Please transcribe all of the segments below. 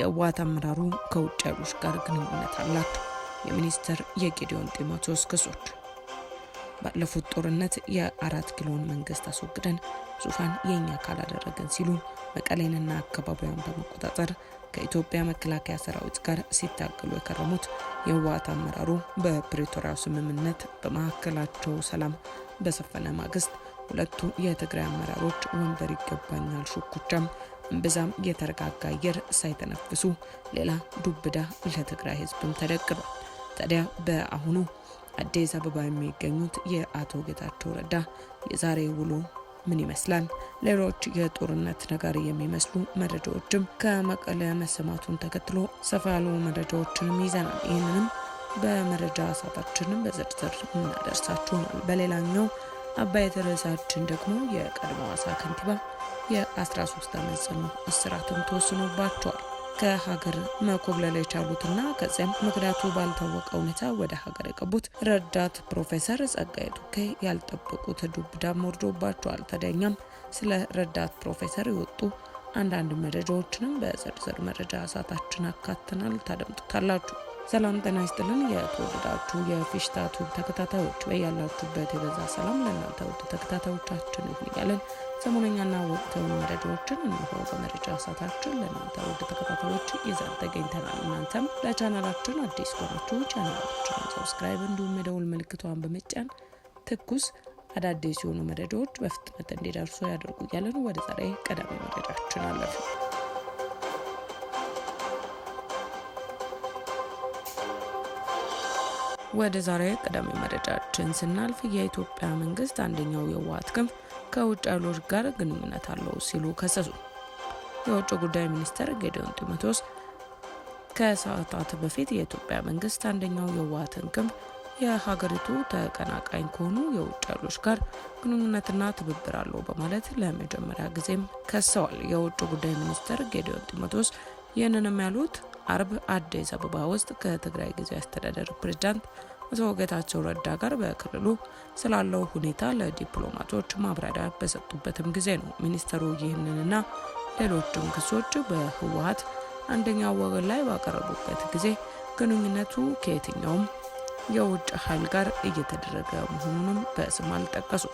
የህወሓት አመራሩ ከውጭ ኃይሎች ጋር ግንኙነት አላቸው። የሚኒስትር የጌዲዮን ጢሞቴዎስ ክሶች ባለፉት ጦርነት የአራት ኪሎን መንግስት አስወግደን ዙፋን የእኛ ካላደረገን ሲሉ መቀሌንና አካባቢዋን በመቆጣጠር ከኢትዮጵያ መከላከያ ሰራዊት ጋር ሲታገሉ የከረሙት የህወሓት አመራሩ በፕሪቶሪያው ስምምነት በመካከላቸው ሰላም በሰፈነ ማግስት ሁለቱ የትግራይ አመራሮች ወንበር ይገባኛል ሹኩቻም እምብዛም የተረጋጋ አየር ሳይተነፍሱ ሌላ ዱብዳ ለትግራይ ህዝብም ተደቅኗል። ታዲያ በአሁኑ አዲስ አበባ የሚገኙት የአቶ ጌታቸው ረዳ የዛሬ ውሎ ምን ይመስላል? ሌሎች የጦርነት ነጋሪ የሚመስሉ መረጃዎችም ከመቀለ መሰማቱን ተከትሎ ሰፋ ያሉ መረጃዎችንም ይዘናል። ይህንንም በመረጃ ሰዓታችንም በዝርዝር እናደርሳችሁናል። በሌላኛው አበባየሁ ተረሳችን ደግሞ የቀድሞ ሐዋሳ ከንቲባ የ13 ዓመት ጽኑ እስራትም ተወስኖባቸዋል። ከሀገር መኮብለል የቻሉትና ከዚያም ምክንያቱ ባልታወቀ ሁኔታ ወደ ሀገር የገቡት ረዳት ፕሮፌሰር ጸጋዬ ቱኬ ያልጠበቁት ዱብ እዳም ወርዶባቸዋል። ተደኛም ስለ ረዳት ፕሮፌሰር የወጡ አንዳንድ መረጃዎችንም በዝርዝር መረጃ እሳታችን አካትናል፣ ታደምጡታላችሁ። ሰላም ጤና ይስጥልን። የተወደዳችሁ የፊሽታ ቱብ ተከታታዮች በያላችሁበት የበዛ ሰላም ለእናንተ ውድ ተከታታዮቻችን ይሁን እያለን ሰሞነኛና ወቅታዊ መረጃዎችን እንሆ በመረጃ ሰዓታችን ለእናንተ ውድ ተከታታዮች ይዘን ተገኝተናል። እናንተም ለቻናላችን አዲስ ከሆናችሁ ቻናላችን ሰብስክራይብ እንዲሁም የደውል ምልክቷን በመጫን ትኩስ አዳዲስ የሆኑ መረጃዎች በፍጥነት እንዲደርሱ ያደርጉ እያለን ወደ ዛሬ ቀዳሚ መረጃችን አለፍን። ወደ ዛሬ ቀዳሚ መረጃችን ስናልፍ የኢትዮጵያ መንግስት አንደኛው የህወሓት ክንፍ ከውጭ ኃይሎች ጋር ግንኙነት አለው ሲሉ ከሰሱ። የውጭ ጉዳይ ሚኒስትር ጌዲዮን ጢሞቴዎስ ከሰዓታት በፊት የኢትዮጵያ መንግስት አንደኛው የህወሓትን ክንፍ የሀገሪቱ ተቀናቃኝ ከሆኑ የውጭ ኃይሎች ጋር ግንኙነትና ትብብር አለው በማለት ለመጀመሪያ ጊዜም ከሰዋል። የውጭ ጉዳይ ሚኒስትር ጌዲዮን ጢሞቴዎስ ይህንንም ያሉት አርብ አዲስ አበባ ውስጥ ከትግራይ ጊዜያዊ አስተዳደር ፕሬዝዳንት አቶ ጌታቸው ረዳ ጋር በክልሉ ስላለው ሁኔታ ለዲፕሎማቶች ማብራሪያ በሰጡበትም ጊዜ ነው ሚኒስተሩ ይህንንና ሌሎችም ክሶች በህወሀት አንደኛው ወገን ላይ ባቀረቡበት ጊዜ ግንኙነቱ ከየትኛውም የውጭ ኃይል ጋር እየተደረገ መሆኑንም በስም አልጠቀሱ።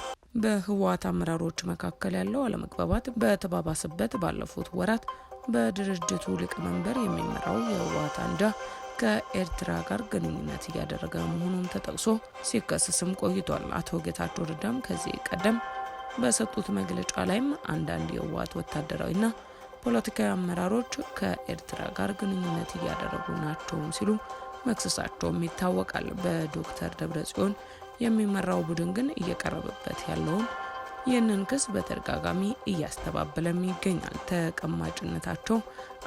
በህወሀት አመራሮች መካከል ያለው አለመግባባት በተባባሰበት ባለፉት ወራት በድርጅቱ ሊቀመንበር የሚመራው የህወሓት አንጃ ከኤርትራ ጋር ግንኙነት እያደረገ መሆኑን ተጠቅሶ ሲከሰስም ቆይቷል። አቶ ጌታቸው ረዳም ከዚህ ቀደም በሰጡት መግለጫ ላይም አንዳንድ የህወሓት ወታደራዊና ፖለቲካዊ አመራሮች ከኤርትራ ጋር ግንኙነት እያደረጉ ናቸውም ሲሉ መክሰሳቸውም ይታወቃል። በዶክተር ደብረ ጽዮን የሚመራው ቡድን ግን እየቀረበበት ያለውን ይህንን ክስ በተደጋጋሚ እያስተባበለም ይገኛል። ተቀማጭነታቸው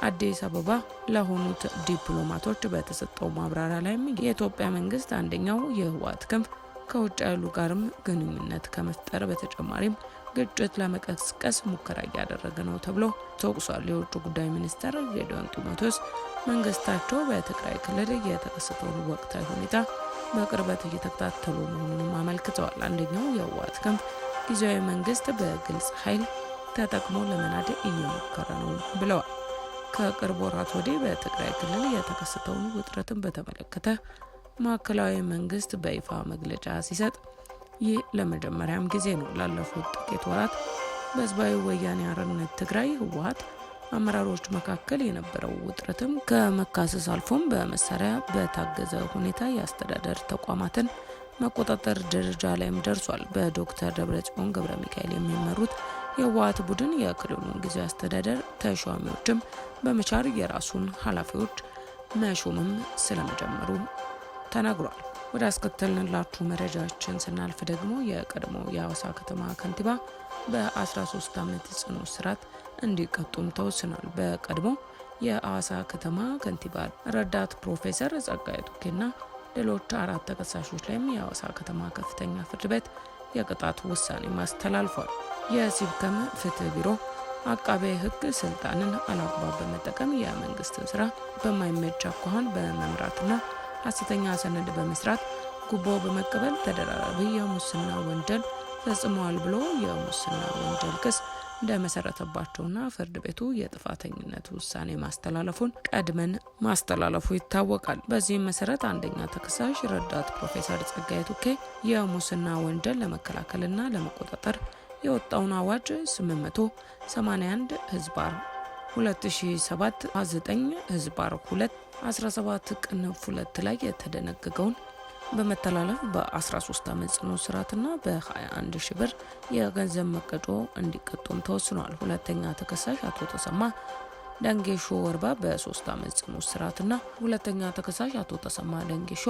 አዲስ አበባ ለሆኑት ዲፕሎማቶች በተሰጠው ማብራሪያ ላይም የኢትዮጵያ መንግስት አንደኛው የህወሓት ክንፍ ከውጭ ያሉ ጋርም ግንኙነት ከመፍጠር በተጨማሪም ግጭት ለመቀስቀስ ሙከራ እያደረገ ነው ተብሎ ተወቅሷል። የውጭ ጉዳይ ሚኒስትር ጌዲዮን ጢሞቴዎስ መንግስታቸው በትግራይ ክልል የተከሰተውን ወቅታዊ ሁኔታ በቅርበት እየተከታተሉ መሆኑንም አመልክተዋል። አንደኛው የህወሓት ክንፍ ጊዜያዊ መንግስት በግልጽ ኃይል ተጠቅሞ ለመናድ እየሞከረ ነው ብለዋል። ከቅርብ ወራት ወዲህ በትግራይ ክልል የተከሰተውን ውጥረትን በተመለከተ ማዕከላዊ መንግስት በይፋ መግለጫ ሲሰጥ ይህ ለመጀመሪያም ጊዜ ነው። ላለፉት ጥቂት ወራት በህዝባዊ ወያኔ ሓርነት ትግራይ ህወሀት አመራሮች መካከል የነበረው ውጥረትም ከመካሰስ አልፎም በመሳሪያ በታገዘ ሁኔታ የአስተዳደር ተቋማትን መቆጣጠር ደረጃ ላይም ደርሷል። በዶክተር ደብረጽዮን ገብረ ሚካኤል የሚመሩት የህወሓት ቡድን የክልሉን ጊዜ አስተዳደር ተሿሚዎችም በመቻር የራሱን ኃላፊዎች መሾምም ስለመጀመሩ ተናግሯል። ወደ አስከተልንላችሁ መረጃችን ስናልፍ ደግሞ የቀድሞ የሐዋሳ ከተማ ከንቲባ በ13 ዓመት ጽኑ እስራት እንዲቀጡም ተወስኗል። በቀድሞ የሐዋሳ ከተማ ከንቲባ ረዳት ፕሮፌሰር ጸጋዬ ቱኬና ሌሎች አራት ተከሳሾች ላይም የአዋሳ ከተማ ከፍተኛ ፍርድ ቤት የቅጣት ውሳኔ አስተላልፏል። የሲብከም ፍትህ ቢሮ አቃቤ ሕግ ስልጣንን አላግባብ በመጠቀም የመንግስትን ስራ በማይመች አኳኋን በመምራትና ሐሰተኛ ሰነድ በመስራት ጉቦ በመቀበል ተደራራቢ የሙስና ወንጀል ፈጽመዋል ብሎ የሙስና ወንጀል ክስ እንደመሰረተባቸውና ፍርድ ቤቱ የጥፋተኝነት ውሳኔ ማስተላለፉን ቀድመን ማስተላለፉ ይታወቃል። በዚህም መሰረት አንደኛ ተከሳሽ ረዳት ፕሮፌሰር ጸጋዬ ቱኬ የሙስና ወንጀል ለመከላከልና ለመቆጣጠር የወጣውን አዋጅ 881 ህዝባር 2079 9 ህዝባር 2 17 ቅንፍ 2 ላይ የተደነገገውን በመተላለፍ በ13 ዓመት ጽኑ እስራትና በ21 ሺ ብር የገንዘብ መቀጮ እንዲቀጡም ተወስኗል። ሁለተኛ ተከሳሽ አቶ ተሰማ ደንጌሾ ወርባ በ3 ዓመት ጽኑ እስራትና ሁለተኛ ተከሳሽ አቶ ተሰማ ደንጌሾ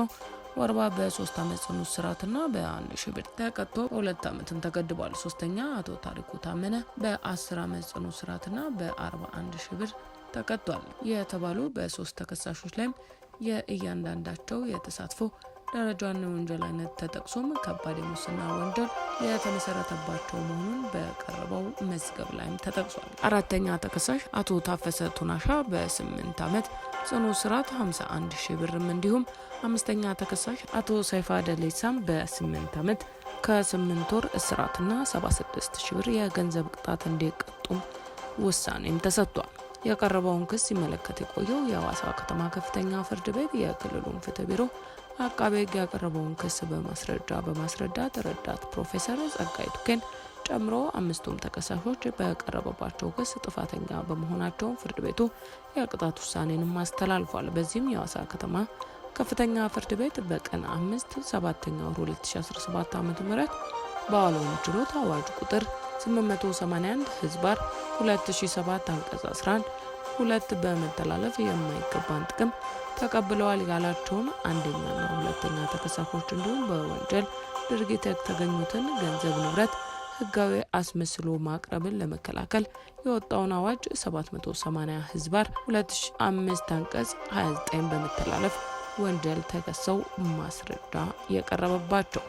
ወርባ በ3 ዓመት ጽኑ እስራትና በ1 ሺ ብር ተቀጥቶ በሁለት ዓመትን ተገድቧል። ሶስተኛ አቶ ታሪኩ ታመነ በ10 ዓመት ጽኑ እስራትና በ41 ሺ ብር ተቀጥቷል የተባሉ በሶስት ተከሳሾች ላይም የእያንዳንዳቸው የተሳትፎ ደረጃን የወንጀል አይነት ተጠቅሶም ከባድ የሙስና ወንጀል የተመሰረተባቸው መሆኑን በቀረበው መዝገብ ላይም ተጠቅሷል። አራተኛ ተከሳሽ አቶ ታፈሰ ቱናሻ በ8 ዓመት ጽኑ እስራት 51 ሺ ብርም እንዲሁም አምስተኛ ተከሳሽ አቶ ሰይፋ ደሌሳም በ8 ዓመት ከ8 ወር እስራትና 76 ሺ ብር የገንዘብ ቅጣት እንዲቀጡም ውሳኔም ተሰጥቷል። የቀረበውን ክስ ሲመለከት የቆየው የሐዋሳ ከተማ ከፍተኛ ፍርድ ቤት የክልሉን ፍትህ ቢሮ አቃቤ ሕግ ያቀረበውን ክስ በማስረጃ በማስረዳት ረዳት ፕሮፌሰር ጸጋይ ቱኬን ጨምሮ አምስቱም ተከሳሾች በቀረበባቸው ክስ ጥፋተኛ በመሆናቸው ፍርድ ቤቱ የቅጣት ውሳኔንም አስተላልፏል። በዚህም የሐዋሳ ከተማ ከፍተኛ ፍርድ ቤት በቀን አምስት ሰባተኛ ወር 2017 ዓ ም በዋለውን ችሎት አዋጅ ቁጥር 881 ህዝባር 2007 አንቀጽ 11 ሁለት በመተላለፍ የማይገባን ጥቅም ተቀብለዋል ያላቸውን አንደኛና ሁለተኛ ተከሳሾች እንዲሁም በወንጀል ድርጊት የተገኙትን ገንዘብ ንብረት ህጋዊ አስመስሎ ማቅረብን ለመከላከል የወጣውን አዋጅ 780 ህዝባር 2005 አንቀጽ 29 በመተላለፍ ወንጀል ተከሰው ማስረጃ የቀረበባቸው